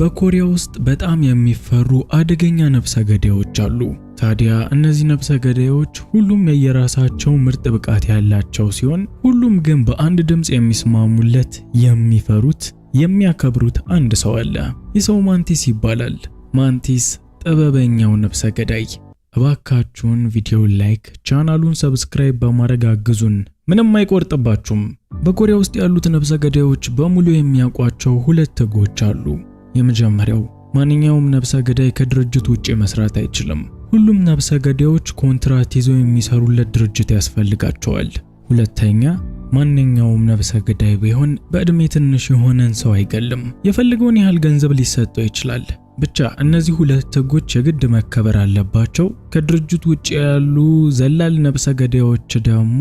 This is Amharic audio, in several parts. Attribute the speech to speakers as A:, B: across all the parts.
A: በኮሪያ ውስጥ በጣም የሚፈሩ አደገኛ ነፍሰ ገዳዮች አሉ። ታዲያ እነዚህ ነፍሰ ገዳዮች ሁሉም የየራሳቸው ምርጥ ብቃት ያላቸው ሲሆን ሁሉም ግን በአንድ ድምፅ የሚስማሙለት የሚፈሩት የሚያከብሩት አንድ ሰው አለ። ይህ ሰው ማንቲስ ይባላል። ማንቲስ ጥበበኛው ነፍሰ ገዳይ። እባካችሁን ቪዲዮ ላይክ፣ ቻናሉን ሰብስክራይብ በማድረግ አግዙን። ምንም አይቆርጥባችሁም። በኮሪያ ውስጥ ያሉት ነፍሰ ገዳዮች በሙሉ የሚያውቋቸው ሁለት ህጎች አሉ። የመጀመሪያው ማንኛውም ነብሰ ገዳይ ከድርጅት ውጪ መስራት አይችልም። ሁሉም ነብሰ ገዳዮች ኮንትራት ይዘው የሚሰሩለት ድርጅት ያስፈልጋቸዋል። ሁለተኛ ማንኛውም ነብሰ ገዳይ ቢሆን በእድሜ ትንሽ የሆነን ሰው አይገልም። የፈልገውን ያህል ገንዘብ ሊሰጠው ይችላል። ብቻ እነዚህ ሁለት ህጎች የግድ መከበር አለባቸው። ከድርጅት ውጭ ያሉ ዘላል ነብሰ ገዳዮች ደግሞ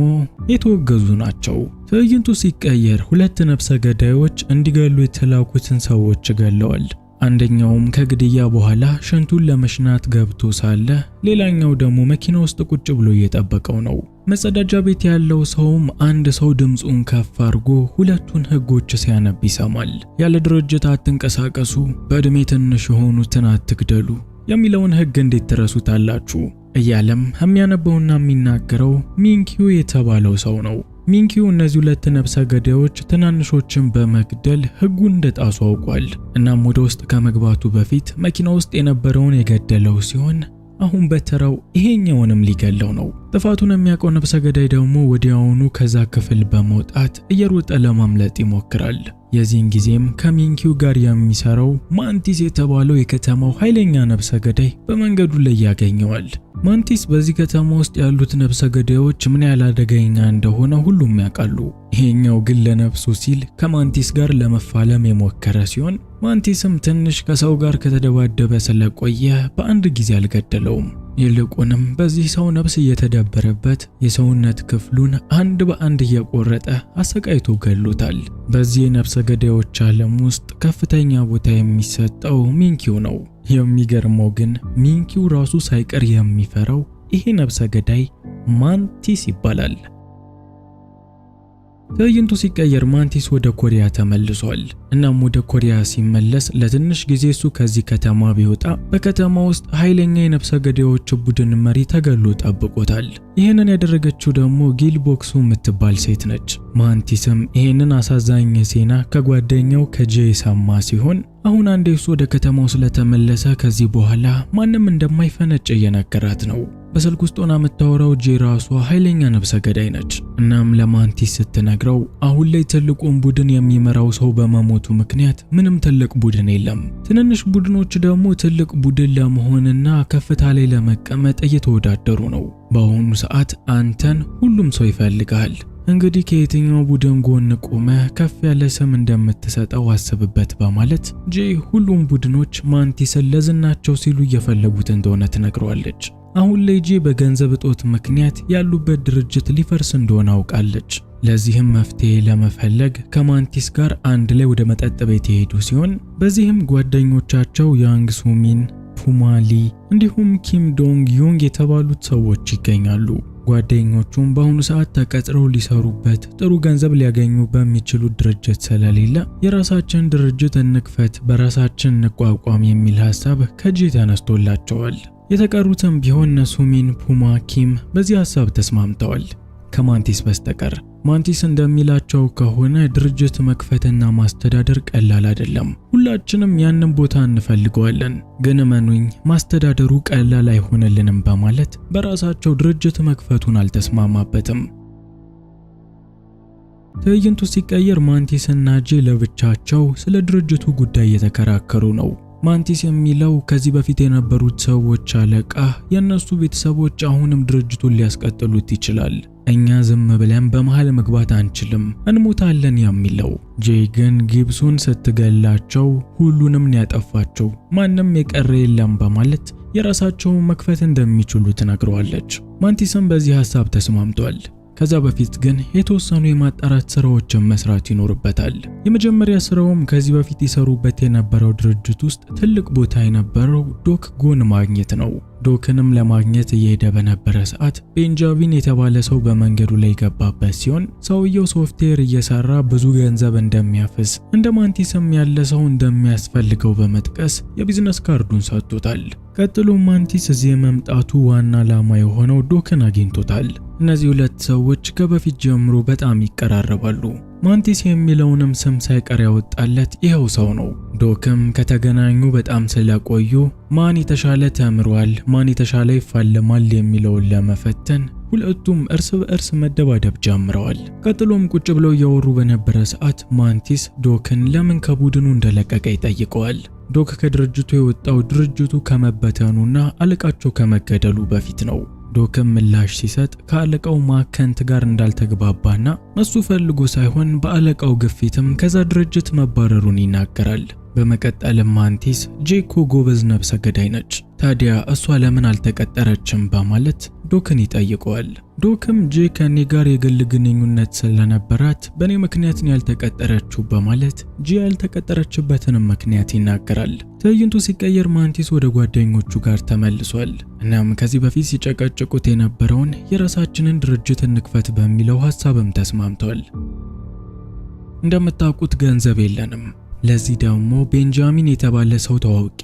A: የተወገዙ ናቸው። ትዕይንቱ ሲቀየር ሁለት ነብሰ ገዳዮች እንዲገሉ የተላኩትን ሰዎች ገለዋል። አንደኛውም ከግድያ በኋላ ሽንቱን ለመሽናት ገብቶ ሳለ ሌላኛው ደግሞ መኪና ውስጥ ቁጭ ብሎ እየጠበቀው ነው። መጸዳጃ ቤት ያለው ሰውም አንድ ሰው ድምፁን ከፍ አድርጎ ሁለቱን ሕጎች ሲያነብ ይሰማል። ያለ ድርጅት አትንቀሳቀሱ፣ በዕድሜ ትንሽ የሆኑትን አትግደሉ የሚለውን ሕግ እንዴት ትረሱታላችሁ? እያለም የሚያነበውና የሚናገረው ሚንኪዩ የተባለው ሰው ነው። ሚንኪው እነዚህ ሁለት ነብሰ ገዳዮች ትናንሾችን በመግደል ህጉን እንደጣሱ አውቋል። እናም ወደ ውስጥ ከመግባቱ በፊት መኪና ውስጥ የነበረውን የገደለው ሲሆን አሁን በተራው ይሄኛውንም ሊገለው ነው። ጥፋቱን የሚያውቀው ነብሰ ገዳይ ደግሞ ወዲያውኑ ከዛ ክፍል በመውጣት እየሮጠ ለማምለጥ ይሞክራል። የዚህን ጊዜም ከሚንኪው ጋር የሚሰራው ማንቲስ የተባለው የከተማው ኃይለኛ ነብሰ ገዳይ በመንገዱ ላይ ያገኘዋል። ማንቲስ በዚህ ከተማ ውስጥ ያሉት ነብሰ ገዳዮች ምን ያህል አደገኛ እንደሆነ ሁሉም ያውቃሉ። ይሄኛው ግን ለነፍሱ ሲል ከማንቲስ ጋር ለመፋለም የሞከረ ሲሆን ማንቲስም ትንሽ ከሰው ጋር ከተደባደበ ስለቆየ በአንድ ጊዜ አልገደለውም። ይልቁንም በዚህ ሰው ነፍስ እየተደበረበት የሰውነት ክፍሉን አንድ በአንድ እየቆረጠ አሰቃይቶ ገሎታል። በዚህ ነፍሰ ገዳዮች ዓለም ውስጥ ከፍተኛ ቦታ የሚሰጠው ሚንኪው ነው። የሚገርመው ግን ሚንኪው ራሱ ሳይቀር የሚፈራው ይሄ ነፍሰ ገዳይ ማንቲስ ይባላል። ትዕይንቱ ሲቀየር ማንቲስ ወደ ኮሪያ ተመልሷል። እናም ወደ ኮሪያ ሲመለስ ለትንሽ ጊዜ እሱ ከዚህ ከተማ ቢወጣ በከተማ ውስጥ ኃይለኛ የነፍሰ ገዳዮች ቡድን መሪ ተገሎ ጠብቆታል። ይህንን ያደረገችው ደግሞ ጊል ቦክሱ የምትባል ሴት ነች። ማንቲስም ይህንን አሳዛኝ ዜና ከጓደኛው ከጄ የሰማ ሲሆን አሁን አንዴ እሱ ወደ ከተማው ስለተመለሰ ከዚህ በኋላ ማንም እንደማይፈነጭ እየነገራት ነው። በስልክ ውስጥ ሆና የምታወራው ጄ ራሷ ኃይለኛ ነብሰ ገዳይ ነች። እናም ለማንቲስ ስትነግረው አሁን ላይ ትልቁን ቡድን የሚመራው ሰው በመሞቱ ምክንያት ምንም ትልቅ ቡድን የለም። ትንንሽ ቡድኖች ደግሞ ትልቅ ቡድን ለመሆንና ከፍታ ላይ ለመቀመጥ እየተወዳደሩ ነው። በአሁኑ ሰዓት አንተን ሁሉም ሰው ይፈልጋል። እንግዲህ ከየትኛው ቡድን ጎን ቆመ ከፍ ያለ ስም እንደምትሰጠው አስብበት በማለት ጄ ሁሉም ቡድኖች ማንቲስን ለዝናቸው ሲሉ እየፈለጉት እንደሆነ ትነግረዋለች። አሁን ላይ ጄ በገንዘብ እጦት ምክንያት ያሉበት ድርጅት ሊፈርስ እንደሆነ አውቃለች። ለዚህም መፍትሄ ለመፈለግ ከማንቲስ ጋር አንድ ላይ ወደ መጠጥ ቤት የሄዱ ሲሆን በዚህም ጓደኞቻቸው ያንግ ሱሚን፣ ፑማሊ እንዲሁም ኪም ዶንግ ዩንግ የተባሉት ሰዎች ይገኛሉ። ጓደኞቹም በአሁኑ ሰዓት ተቀጥረው ሊሰሩበት ጥሩ ገንዘብ ሊያገኙ በሚችሉ ድርጅት ስለሌለ የራሳችን ድርጅት እንክፈት፣ በራሳችን እንቋቋም የሚል ሀሳብ ከጄ ተነስቶላቸዋል። የተቀሩትም ቢሆን ነሱሚን፣ ፑማ፣ ኪም በዚህ ሀሳብ ተስማምተዋል ከማንቲስ በስተቀር። ማንቲስ እንደሚላቸው ከሆነ ድርጅት መክፈትና ማስተዳደር ቀላል አይደለም። ሁላችንም ያንን ቦታ እንፈልገዋለን፣ ግን እመኑኝ ማስተዳደሩ ቀላል አይሆንልንም በማለት በራሳቸው ድርጅት መክፈቱን አልተስማማበትም። ትዕይንቱ ሲቀየር ማንቲስና ጄ ለብቻቸው ስለ ድርጅቱ ጉዳይ እየተከራከሩ ነው። ማንቲስ የሚለው ከዚህ በፊት የነበሩት ሰዎች አለቃ የእነሱ ቤተሰቦች አሁንም ድርጅቱን ሊያስቀጥሉት ይችላል፣ እኛ ዝም ብለን በመሃል መግባት አንችልም፣ እንሞታለን የሚለው። ጄይ ግን ጊብሱን ስትገላቸው ሁሉንም ያጠፋቸው ማንም የቀረ የለም በማለት የራሳቸውን መክፈት እንደሚችሉ ትነግረዋለች። ማንቲስም በዚህ ሀሳብ ተስማምቷል። ከዛ በፊት ግን የተወሰኑ የማጣራት ስራዎችን መስራት ይኖርበታል። የመጀመሪያ ስራውም ከዚህ በፊት ይሰሩበት የነበረው ድርጅት ውስጥ ትልቅ ቦታ የነበረው ዶክ ጎን ማግኘት ነው። ዶክንም ለማግኘት እየሄደ በነበረ ሰዓት ቤንጃሚን የተባለ ሰው በመንገዱ ላይ ገባበት ሲሆን ሰውየው ሶፍትዌር እየሰራ ብዙ ገንዘብ እንደሚያፍስ እንደ ማንቲስም ያለ ሰው እንደሚያስፈልገው በመጥቀስ የቢዝነስ ካርዱን ሰጥቶታል። ቀጥሎ ማንቲስ እዚህ የመምጣቱ ዋና ዓላማ የሆነው ዶክን አግኝቶታል። እነዚህ ሁለት ሰዎች ከበፊት ጀምሮ በጣም ይቀራረባሉ። ማንቲስ የሚለውንም ስም ሳይቀር ያወጣለት ይኸው ሰው ነው። ዶክም ከተገናኙ በጣም ስለቆዩ ማን የተሻለ ተምሯል፣ ማን የተሻለ ይፋለማል የሚለውን ለመፈተን ሁለቱም እርስ በእርስ መደባደብ ጀምረዋል። ቀጥሎም ቁጭ ብለው እያወሩ በነበረ ሰዓት ማንቲስ ዶክን ለምን ከቡድኑ እንደለቀቀ ይጠይቀዋል። ዶክ ከድርጅቱ የወጣው ድርጅቱ ከመበተኑና አለቃቸው ከመገደሉ በፊት ነው። ዶክም ምላሽ ሲሰጥ ከአለቃው ማከንት ጋር እንዳልተግባባና እሱ ፈልጎ ሳይሆን በአለቃው ግፊትም ከዛ ድርጅት መባረሩን ይናገራል። በመቀጠልም ማንቲስ ጄኮ ጎበዝ ነብሰ ገዳይ ነች፣ ታዲያ እሷ ለምን አልተቀጠረችም በማለት ዶክን ይጠይቀዋል። ዶክም ጄ ከኔ ጋር የግል ግንኙነት ስለነበራት በእኔ ምክንያት ነው ያልተቀጠረችው በማለት ጄ ያልተቀጠረችበትንም ምክንያት ይናገራል። ትዕይንቱ ሲቀየር ማንቲስ ወደ ጓደኞቹ ጋር ተመልሷል። እናም ከዚህ በፊት ሲጨቀጭቁት የነበረውን የራሳችንን ድርጅት እንክፈት በሚለው ሀሳብም ተስማምቷል። እንደምታውቁት ገንዘብ የለንም ለዚህ ደግሞ ቤንጃሚን የተባለ ሰው ተዋውቅ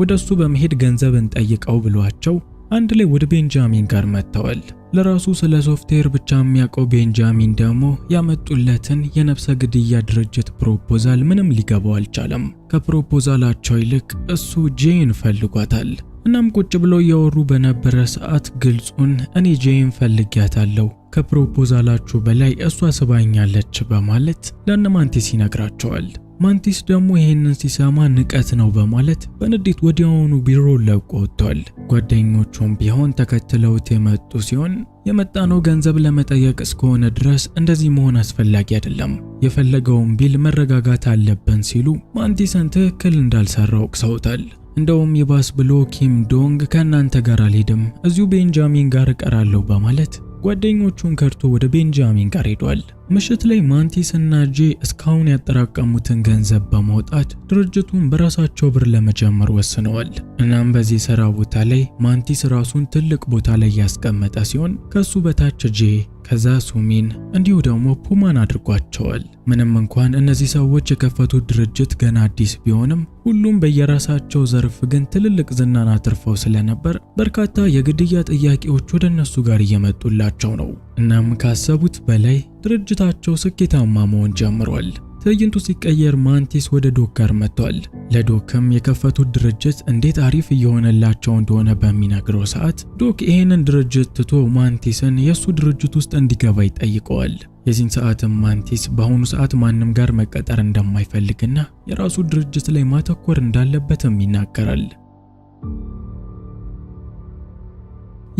A: ወደ እሱ በመሄድ ገንዘብ ጠይቀው ብሏቸው አንድ ላይ ወደ ቤንጃሚን ጋር መጥተዋል። ለራሱ ስለ ሶፍትዌር ብቻ የሚያውቀው ቤንጃሚን ደግሞ ያመጡለትን የነፍሰ ግድያ ድርጅት ፕሮፖዛል ምንም ሊገባው አልቻለም። ከፕሮፖዛላቸው ይልቅ እሱ ጄን ፈልጓታል። እናም ቁጭ ብለው እያወሩ በነበረ ሰዓት ግልጹን እኔ ጄን ፈልጊያታለሁ ከፕሮፖዛላችሁ በላይ እሷ ስባኛለች በማለት ለነማንቴስ ይነግራቸዋል። ማንቲስ ደግሞ ይህንን ሲሰማ ንቀት ነው በማለት በንዴት ወዲያውኑ ቢሮ ለቆ ወጥቷል። ጓደኞቹም ቢሆን ተከትለውት የመጡ ሲሆን የመጣነው ገንዘብ ለመጠየቅ እስከሆነ ድረስ እንደዚህ መሆን አስፈላጊ አይደለም፣ የፈለገውን ቢል መረጋጋት አለብን ሲሉ ማንቲስን ትክክል እንዳልሰራ ወቅሰውታል። እንደውም ይባስ ብሎ ኪም ዶንግ ከእናንተ ጋር አልሄድም፣ እዚሁ ቤንጃሚን ጋር እቀራለሁ በማለት ጓደኞቹን ከርቶ ወደ ቤንጃሚን ጋር ሄዷል። ምሽት ላይ ማንቲስ እና ጄ እስካሁን ያጠራቀሙትን ገንዘብ በማውጣት ድርጅቱን በራሳቸው ብር ለመጀመር ወስነዋል። እናም በዚህ ስራ ቦታ ላይ ማንቲስ ራሱን ትልቅ ቦታ ላይ ያስቀመጠ ሲሆን ከሱ በታች ጄ ከዛ ሱሚን እንዲሁ ደግሞ ፑማን አድርጓቸዋል። ምንም እንኳን እነዚህ ሰዎች የከፈቱት ድርጅት ገና አዲስ ቢሆንም ሁሉም በየራሳቸው ዘርፍ ግን ትልልቅ ዝናን አትርፈው ስለነበር በርካታ የግድያ ጥያቄዎች ወደ እነሱ ጋር እየመጡላቸው ነው። እናም ካሰቡት በላይ ድርጅታቸው ስኬታማ መሆን ጀምሯል። ትዕይንቱ ሲቀየር ማንቲስ ወደ ዶክ ጋር መጥቷል። ለዶክም የከፈቱት ድርጅት እንዴት አሪፍ እየሆነላቸው እንደሆነ በሚነግረው ሰዓት ዶክ ይህንን ድርጅት ትቶ ማንቲስን የእሱ ድርጅት ውስጥ እንዲገባ ይጠይቀዋል። የዚህን ሰዓትም ማንቲስ በአሁኑ ሰዓት ማንም ጋር መቀጠር እንደማይፈልግና የራሱ ድርጅት ላይ ማተኮር እንዳለበትም ይናገራል።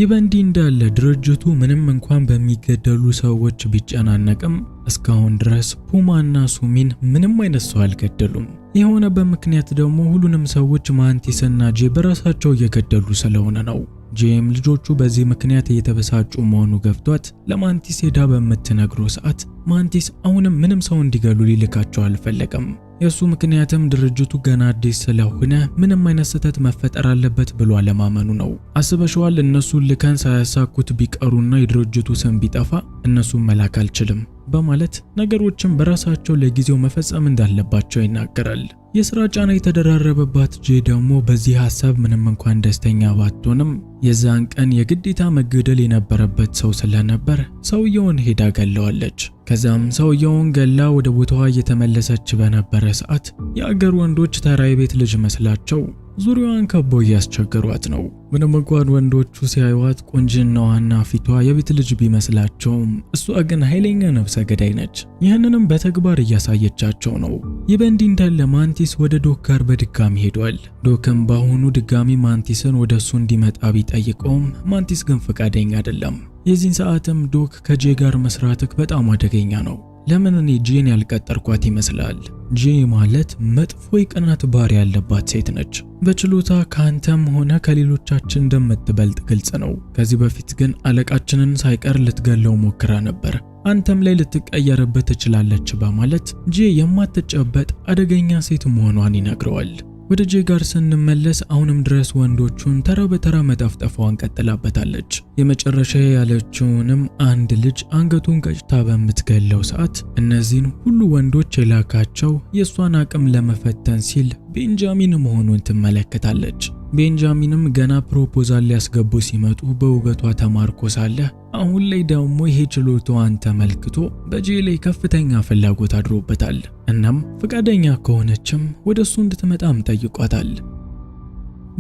A: ይህ በእንዲህ እንዳለ ድርጅቱ ምንም እንኳን በሚገደሉ ሰዎች ቢጨናነቅም እስካሁን ድረስ ፑማ እና ሱሚን ምንም አይነት ሰው አልገደሉም። የሆነበት ምክንያት ደግሞ ሁሉንም ሰዎች ማንቲስና ጄ በራሳቸው እየገደሉ ስለሆነ ነው። ጄም ልጆቹ በዚህ ምክንያት እየተበሳጩ መሆኑ ገብቷት ለማንቲስ ሄዳ በምትነግረው ሰዓት ማንቲስ አሁንም ምንም ሰው እንዲገሉ ሊልካቸው አልፈለገም። የእሱ ምክንያትም ድርጅቱ ገና አዲስ ስለሆነ ምንም አይነት ስህተት መፈጠር አለበት ብሎ አለማመኑ ነው። አስበሸዋል? እነሱ ልከን ሳያሳኩት ቢቀሩና የድርጅቱ ስም ቢጠፋ እነሱን መላክ አልችልም በማለት ነገሮችን በራሳቸው ለጊዜው መፈጸም እንዳለባቸው ይናገራል። የስራ ጫና የተደራረበባት ጄ ደግሞ በዚህ ሀሳብ ምንም እንኳን ደስተኛ ባትሆንም የዛን ቀን የግዴታ መገደል የነበረበት ሰው ስለነበር ሰውየውን ሄዳ ገለዋለች። ከዛም ሰውየውን ገላ ወደ ቦታዋ እየተመለሰች በነበረ ሰዓት የአገር ወንዶች ተራይ ቤት ልጅ መስላቸው ዙሪያዋን ከበው እያስቸገሯት ነው። ምንም እንኳን ወንዶቹ ሲያዩዋት ቁንጅናዋና ፊቷ የቤት ልጅ ቢመስላቸውም እሷ ግን ኃይለኛ ነፍሰ ገዳይ ነች። ይህንንም በተግባር እያሳየቻቸው ነው። ይህ በእንዲህ እንዳለ ማንቲስ ወደ ዶክ ጋር በድጋሚ ሄዷል። ዶክም በአሁኑ ድጋሚ ማንቲስን ወደ እሱ እንዲመጣ ቢጠይቀውም ማንቲስ ግን ፈቃደኛ አይደለም። የዚህን ሰዓትም ዶክ ከጄ ጋር መስራትክ በጣም አደገኛ ነው ለምን እኔ ጄን ያልቀጠርኳት ይመስላል? ጄ ማለት መጥፎ የቅናት ባህሪ ያለባት ሴት ነች። በችሎታ ከአንተም ሆነ ከሌሎቻችን እንደምትበልጥ ግልጽ ነው። ከዚህ በፊት ግን አለቃችንን ሳይቀር ልትገለው ሞክራ ነበር። አንተም ላይ ልትቀየርበት ትችላለች በማለት ጄ የማትጨበጥ አደገኛ ሴት መሆኗን ይነግረዋል። ወደ ጄ ጋር ስንመለስ አሁንም ድረስ ወንዶቹን ተራ በተራ መጠፍጠፏን ቀጥላበታለች። የመጨረሻ ያለችውንም አንድ ልጅ አንገቱን ቀጭታ በምትገለው ሰዓት እነዚህን ሁሉ ወንዶች የላካቸው የእሷን አቅም ለመፈተን ሲል ቤንጃሚን መሆኑን ትመለከታለች። ቤንጃሚንም ገና ፕሮፖዛል ሊያስገቡ ሲመጡ በውበቷ ተማርኮ ሳለ አሁን ላይ ደግሞ ይሄ ችሎታዋን ተመልክቶ በጄ ላይ ከፍተኛ ፍላጎት አድሮበታል። እናም ፈቃደኛ ከሆነችም ወደ እሱ እንድትመጣም ጠይቋታል።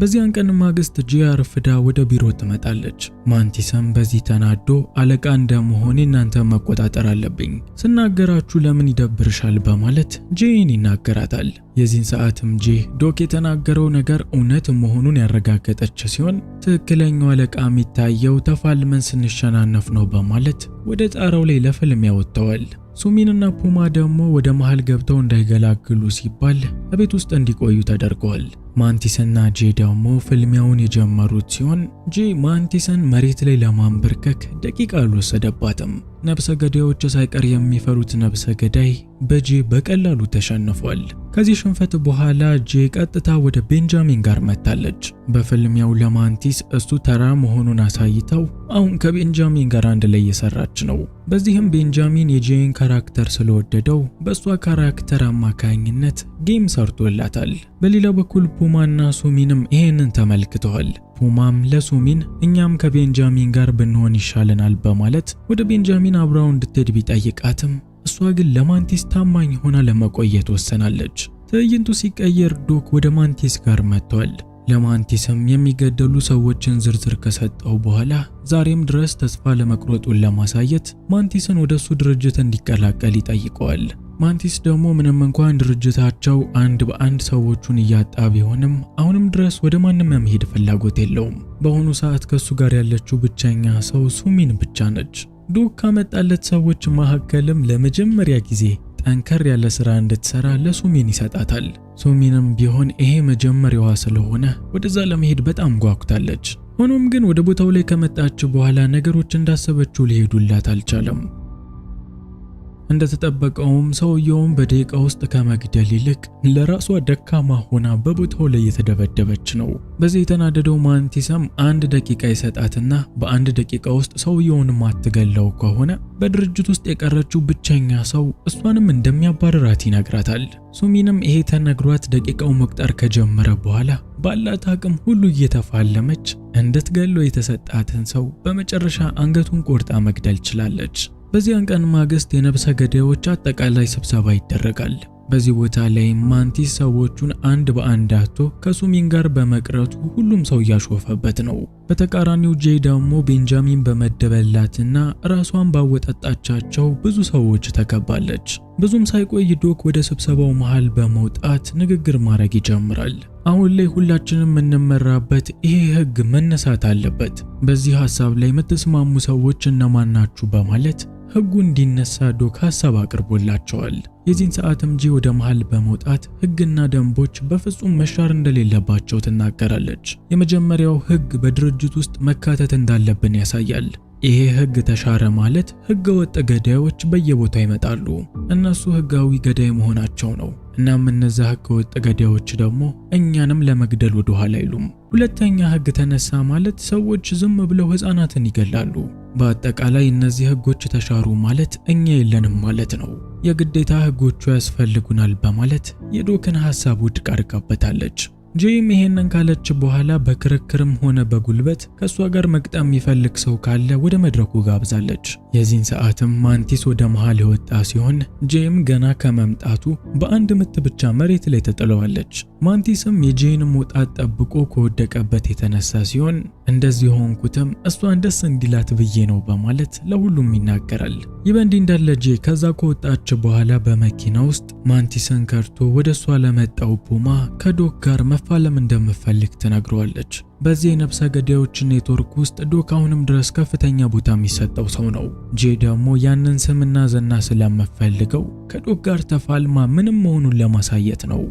A: በዚያን ቀን ማግስት ጂያር ፍዳ ወደ ቢሮ ትመጣለች። ማንቲሰም በዚህ ተናዶ አለቃ እንደመሆን እናንተ መቆጣጠር አለብኝ፣ ስናገራችሁ ለምን ይደብርሻል በማለት ጄን ይናገራታል። የዚህን ሰዓትም ጄ ዶክ የተናገረው ነገር እውነት መሆኑን ያረጋገጠች ሲሆን ትክክለኛው አለቃ የሚታየው ተፋልመን ስንሸናነፍ ነው በማለት ወደ ጣራው ላይ ለፍልም ያወጥተዋል። ሱሚንና ፑማ ደግሞ ወደ መሃል ገብተው እንዳይገላግሉ ሲባል በቤት ውስጥ እንዲቆዩ ተደርገዋል። ማንቲስና ጄ ደግሞ ፍልሚያውን የጀመሩት ሲሆን ጄ ማንቲስን መሬት ላይ ለማንበርከክ ደቂቃ አልወሰደባትም። ነብሰ ገዳዮች ሳይቀር የሚፈሩት ነብሰ ገዳይ በጄ በቀላሉ ተሸንፏል። ከዚህ ሽንፈት በኋላ ጄ ቀጥታ ወደ ቤንጃሚን ጋር መታለች። በፍልሚያው ለማንቲስ እሱ ተራ መሆኑን አሳይተው አሁን ከቤንጃሚን ጋር አንድ ላይ እየሰራች ነው። በዚህም ቤንጃሚን የጄን ካራክተር ስለወደደው በእሷ ካራክተር አማካኝነት ጌም ሰርቶላታል። በሌላ በኩል ፑማና ሱሚንም ይህንን ተመልክተዋል። ፑማም ለሱሚን እኛም ከቤንጃሚን ጋር ብንሆን ይሻለናል በማለት ወደ ቤንጃሚን አብራው እንድትሄድ ቢጠይቃትም እሷ ግን ለማንቲስ ታማኝ ሆና ለመቆየት ወሰናለች። ትዕይንቱ ሲቀየር ዶክ ወደ ማንቲስ ጋር መጥቷል። ለማንቲስም የሚገደሉ ሰዎችን ዝርዝር ከሰጠው በኋላ ዛሬም ድረስ ተስፋ ለመቁረጡን ለማሳየት ማንቲስን ወደ እሱ ድርጅት እንዲቀላቀል ይጠይቀዋል። ማንቲስ ደግሞ ምንም እንኳን ድርጅታቸው አንድ በአንድ ሰዎቹን እያጣ ቢሆንም አሁንም ድረስ ወደ ማንም መሄድ ፍላጎት የለውም። በአሁኑ ሰዓት ከሱ ጋር ያለችው ብቸኛ ሰው ሱሚን ብቻ ነች። ዱክ ካመጣለት ሰዎች መካከልም ለመጀመሪያ ጊዜ ጠንከር ያለ ስራ እንድትሰራ ለሱሚን ይሰጣታል። ሱሚንም ቢሆን ይሄ መጀመሪያዋ ስለሆነ ወደዛ ለመሄድ በጣም ጓጉታለች። ሆኖም ግን ወደ ቦታው ላይ ከመጣች በኋላ ነገሮች እንዳሰበችው ሊሄዱላት አልቻለም። እንደተጠበቀውም ሰውየውን በደቂቃ ውስጥ ከመግደል ይልቅ ለራሷ ደካማ ሆና በቦታው ላይ የተደበደበች ነው። በዚህ የተናደደው ማንቲሰም አንድ ደቂቃ ይሰጣትና በአንድ ደቂቃ ውስጥ ሰውየውን ማትገለው ከሆነ በድርጅት ውስጥ የቀረችው ብቸኛ ሰው እሷንም እንደሚያባረራት ይነግራታል። ሱሚንም ይሄ ተነግሯት ደቂቃው መቁጠር ከጀመረ በኋላ ባላት አቅም ሁሉ እየተፋለመች እንድትገለው የተሰጣትን ሰው በመጨረሻ አንገቱን ቆርጣ መግደል ችላለች። በዚያን ቀን ማግስት የነብሰ ገዳዮች አጠቃላይ ስብሰባ ይደረጋል። በዚህ ቦታ ላይ ማንቲስ ሰዎቹን አንድ በአንድ አቶ ከሱሚን ጋር በመቅረቱ ሁሉም ሰው እያሾፈበት ነው። በተቃራኒው ጄ ደግሞ ቤንጃሚን በመደበላትና ራሷን ባወጣጣቻቸው ብዙ ሰዎች ተከባለች። ብዙም ሳይቆይ ዶክ ወደ ስብሰባው መሃል በመውጣት ንግግር ማድረግ ይጀምራል። አሁን ላይ ሁላችንም የምንመራበት ይሄ ህግ መነሳት አለበት። በዚህ ሀሳብ ላይ የምትስማሙ ሰዎች እነማን ናችሁ? በማለት ህጉ እንዲነሳ ዶክ ሀሳብ አቅርቦላቸዋል። የዚህን ሰዓትም ጂ ወደ መሃል በመውጣት ህግና ደንቦች በፍጹም መሻር እንደሌለባቸው ትናገራለች። የመጀመሪያው ህግ በድርጅት ውስጥ መካተት እንዳለብን ያሳያል። ይሄ ህግ ተሻረ ማለት ህገ ወጥ ገዳዮች በየቦታ ይመጣሉ። እነሱ ህጋዊ ገዳይ መሆናቸው ነው። እናም እነዛ ህገ ወጥ ገዳዮች ደግሞ እኛንም ለመግደል ወደኋላ አይሉም። ሁለተኛ ህግ ተነሳ ማለት ሰዎች ዝም ብለው ህፃናትን ይገላሉ። በአጠቃላይ እነዚህ ህጎች ተሻሩ ማለት እኛ የለንም ማለት ነው። የግዴታ ህጎቹ ያስፈልጉናል በማለት የዶክን ሐሳብ ውድቅ አድርጋበታለች። ጄይም ይሄንን ካለች በኋላ በክርክርም ሆነ በጉልበት ከእሷ ጋር መግጠም የሚፈልግ ሰው ካለ ወደ መድረኩ ጋብዛለች። የዚህን ሰዓትም ማንቲስ ወደ መሃል የወጣ ሲሆን ጄይም ገና ከመምጣቱ በአንድ ምት ብቻ መሬት ላይ ተጥለዋለች። ማንቲስም የጄይን መውጣት ጠብቆ ከወደቀበት የተነሳ ሲሆን እንደዚህ የሆንኩትም እሷን ደስ እንዲላት ብዬ ነው በማለት ለሁሉም ይናገራል። ይህ በእንዲህ እንዳለ ጄ ከዛ ከወጣች በኋላ በመኪና ውስጥ ማንቲስን ከርቶ ወደ እሷ ለመጣው ፑማ ከዶክ ጋር ማፋለም እንደምፈልግ ትነግረዋለች። በዚህ የነብሰ ገዳዮች ኔትወርክ ውስጥ ዶክ አሁንም ድረስ ከፍተኛ ቦታ የሚሰጠው ሰው ነው። ጄ ደግሞ ያንን ስምና ዝና ስለምፈልገው ከዶክ ጋር ተፋልማ ምንም መሆኑን ለማሳየት ነው።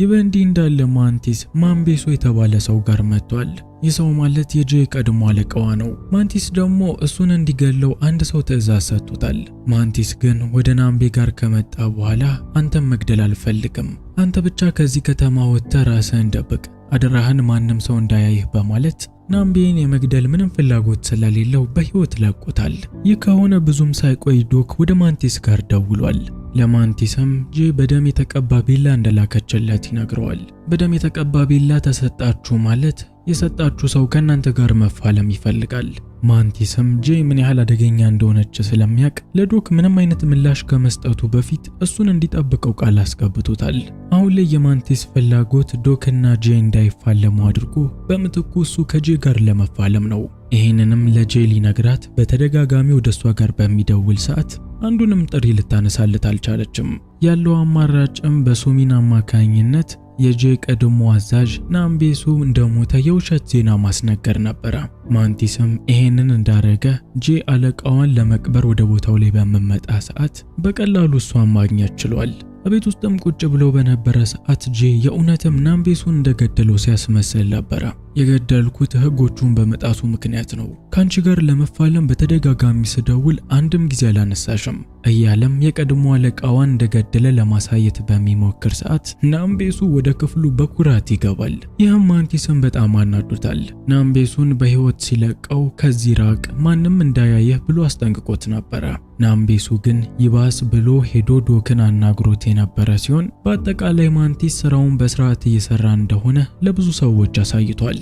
A: ይህ በእንዲህ እንዳለ ማንቲስ ማምቤሶ የተባለ ሰው ጋር መጥቷል። ይህ ሰው ማለት የጄ ቀድሞ አለቃዋ ነው። ማንቲስ ደግሞ እሱን እንዲገለው አንድ ሰው ትዕዛዝ ሰጥቶታል። ማንቲስ ግን ወደ ናምቤ ጋር ከመጣ በኋላ አንተም መግደል አልፈልግም፣ አንተ ብቻ ከዚህ ከተማ ወጥተህ ራስህን ደብቅ፣ አደራህን ማንም ሰው እንዳያይህ በማለት ናምቤን የመግደል ምንም ፍላጎት ስለሌለው በሕይወት ለቆታል። ይህ ከሆነ ብዙም ሳይቆይ ዶክ ወደ ማንቲስ ጋር ደውሏል። ለማንቲስም ጄ በደም የተቀባ ቢላ እንደላከችለት ይነግረዋል። በደም የተቀባ ቢላ ተሰጣችሁ ማለት የሰጣችሁ ሰው ከእናንተ ጋር መፋለም ይፈልጋል። ማንቲስም ጄ ምን ያህል አደገኛ እንደሆነች ስለሚያውቅ ለዶክ ምንም አይነት ምላሽ ከመስጠቱ በፊት እሱን እንዲጠብቀው ቃል አስገብቶታል። አሁን ላይ የማንቲስ ፍላጎት ዶክና ጄ እንዳይፋለሙ አድርጎ በምትኩ እሱ ከጄ ጋር ለመፋለም ነው። ይህንንም ለጄ ሊነግራት በተደጋጋሚ ወደ እሷ ጋር በሚደውል ሰዓት አንዱንም ጥሪ ልታነሳለት አልቻለችም። ያለው አማራጭም በሱሚን አማካኝነት የጄ ቀድሞ አዛዥ ናምቤሱ እንደሞተ የውሸት ዜና ማስነገር ነበረ። ማንቲስም ይሄንን እንዳረገ ጄ አለቃዋን ለመቅበር ወደ ቦታው ላይ በምመጣ ሰዓት በቀላሉ እሷን ማግኘት ችሏል። በቤት ውስጥም ቁጭ ብሎ በነበረ ሰዓት ጄ የእውነትም ናምቤሱን እንደገደለው ሲያስመስል ነበረ። የገደልኩት ህጎቹን በመጣሱ ምክንያት ነው። ከአንቺ ጋር ለመፋለም በተደጋጋሚ ስደውል አንድም ጊዜ አላነሳሽም እያለም የቀድሞ አለቃዋን እንደገደለ ለማሳየት በሚሞክር ሰዓት ናምቤሱ ወደ ክፍሉ በኩራት ይገባል። ይህም ማንቲስን በጣም አናዱታል። ናምቤሱን በህይወት ሲለቀው ከዚህ ራቅ፣ ማንም እንዳያየህ ብሎ አስጠንቅቆት ነበረ። ናምቤሱ ግን ይባስ ብሎ ሄዶ ዶክን አናግሮት የነበረ ሲሆን በአጠቃላይ ማንቲስ ስራውን በስርዓት እየሰራ እንደሆነ ለብዙ ሰዎች አሳይቷል።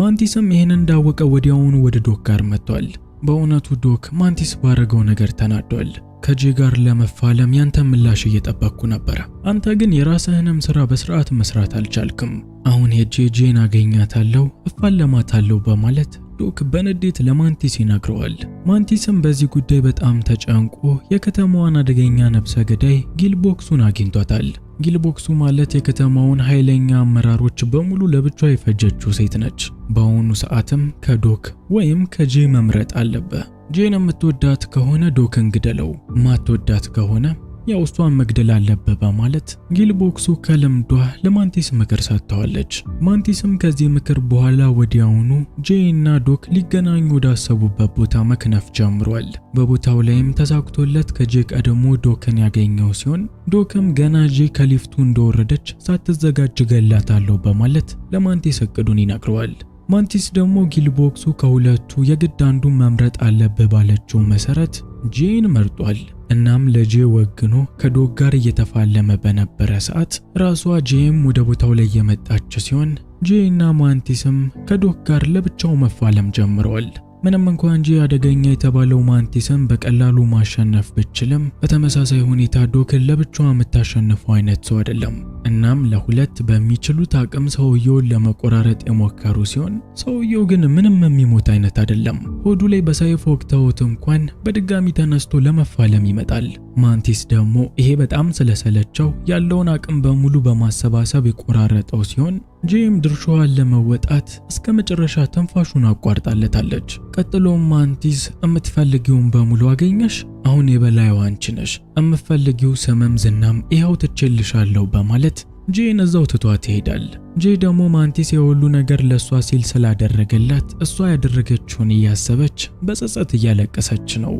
A: ማንቲስም ይህን እንዳወቀ ወዲያውኑ ወደ ዶክ ጋር መጥቷል። በእውነቱ ዶክ ማንቲስ ባረገው ነገር ተናዷል። ከጄ ጋር ለመፋለም ያንተ ምላሽ እየጠበቅኩ ነበር። አንተ ግን የራስህንም ስራ በስርዓት መስራት አልቻልክም። አሁን ሄጄ ጄን አገኛታለሁ፣ እፋለማታለሁ በማለት ዶክ በንዴት ለማንቲስ ይነግረዋል። ማንቲስም በዚህ ጉዳይ በጣም ተጨንቆ የከተማዋን አደገኛ ነብሰ ገዳይ ጊልቦክሱን አግኝቷታል። ጊልቦክሱ ማለት የከተማውን ኃይለኛ አመራሮች በሙሉ ለብቻ የፈጀችው ሴት ነች። በአሁኑ ሰዓትም ከዶክ ወይም ከጄ መምረጥ አለበ። ጄን የምትወዳት ከሆነ ዶክን ግደለው፣ ማትወዳት ከሆነ ያው እሷን መግደል አለብህ በማለት ጊልቦክሱ ከልምዷ ለማንቲስ ምክር ሰጥተዋለች። ማንቲስም ከዚህ ምክር በኋላ ወዲያውኑ ጄይ እና ዶክ ሊገናኙ ወዳሰቡበት ቦታ መክነፍ ጀምሯል። በቦታው ላይም ተሳክቶለት ከጄ ቀድሞ ዶክን ያገኘው ሲሆን ዶክም ገና ጄ ከሊፍቱ እንደወረደች ሳትዘጋጅ ገላታለሁ በማለት ለማንቲስ እቅዱን ይነግረዋል። ማንቲስ ደግሞ ጊልቦክሱ ከሁለቱ የግድ አንዱን መምረጥ አለብህ ባለችው መሰረት ጄን መርጧል። እናም ለጄ ወግኖ ከዶግ ጋር እየተፋለመ በነበረ ሰዓት ራሷ ጄም ወደ ቦታው ላይ የመጣች ሲሆን ጄና ማንቲስም ከዶግ ጋር ለብቻው መፋለም ጀምረዋል። ምንም እንኳ እንጂ አደገኛ የተባለው ማንቲስን በቀላሉ ማሸነፍ ብችልም በተመሳሳይ ሁኔታ ዶክን ለብቻዋ የምታሸንፈው አይነት ሰው አይደለም። እናም ለሁለት በሚችሉት አቅም ሰውየውን ለመቆራረጥ የሞከሩ ሲሆን ሰውየው ግን ምንም የሚሞት አይነት አይደለም። ሆዱ ላይ በሰይፍ ወግተውት እንኳን በድጋሚ ተነስቶ ለመፋለም ይመጣል። ማንቲስ ደግሞ ይሄ በጣም ስለሰለቸው ያለውን አቅም በሙሉ በማሰባሰብ የቆራረጠው ሲሆን ጂም ድርሻዋን ለመወጣት እስከ መጨረሻ ተንፋሹን አቋርጣለታለች። ቀጥሎም ማንቲስ የምትፈልጊውን በሙሉ አገኘሽ፣ አሁን የበላዩ አንቺ ነሽ፣ የምትፈልጊው ስምም ዝናም ይኸው ትችልሻለሁ በማለት ጄን እዛው ትቷት ይሄዳል። ጄ ደግሞ ማንቲስ የሁሉ ነገር ለእሷ ሲል ስላደረገላት እሷ ያደረገችውን እያሰበች በጸጸት እያለቀሰች ነው።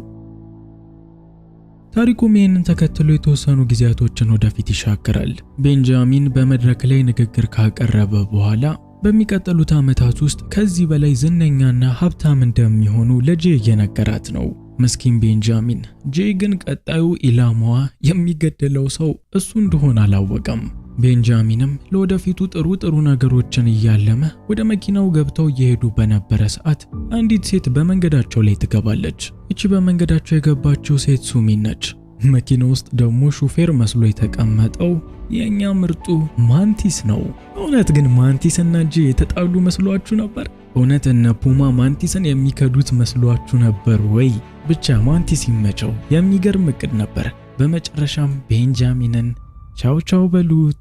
A: ታሪኩም ይህንን ተከትሎ የተወሰኑ ጊዜያቶችን ወደፊት ይሻገራል። ቤንጃሚን በመድረክ ላይ ንግግር ካቀረበ በኋላ በሚቀጥሉት ዓመታት ውስጥ ከዚህ በላይ ዝነኛና ሀብታም እንደሚሆኑ ለጄ እየነገራት ነው። ምስኪን ቤንጃሚን ጄ ግን ቀጣዩ ኢላማዋ የሚገደለው ሰው እሱ እንደሆነ አላወቀም። ቤንጃሚንም ለወደፊቱ ጥሩ ጥሩ ነገሮችን እያለመ ወደ መኪናው ገብተው እየሄዱ በነበረ ሰዓት አንዲት ሴት በመንገዳቸው ላይ ትገባለች። ይቺ በመንገዳቸው የገባችው ሴት ሱሚን ነች። መኪና ውስጥ ደግሞ ሹፌር መስሎ የተቀመጠው የእኛ ምርጡ ማንቲስ ነው። እውነት ግን እና እጅ የተጣሉ መስሏችሁ ነበር? እውነት እነ ፑማ ማንቲስን የሚከዱት መስሏችሁ ነበር ወይ? ብቻ ማንቲስ ይመቸው። የሚገርም እቅድ ነበር። በመጨረሻም ቤንጃሚንን ቻው ቻው በሉት።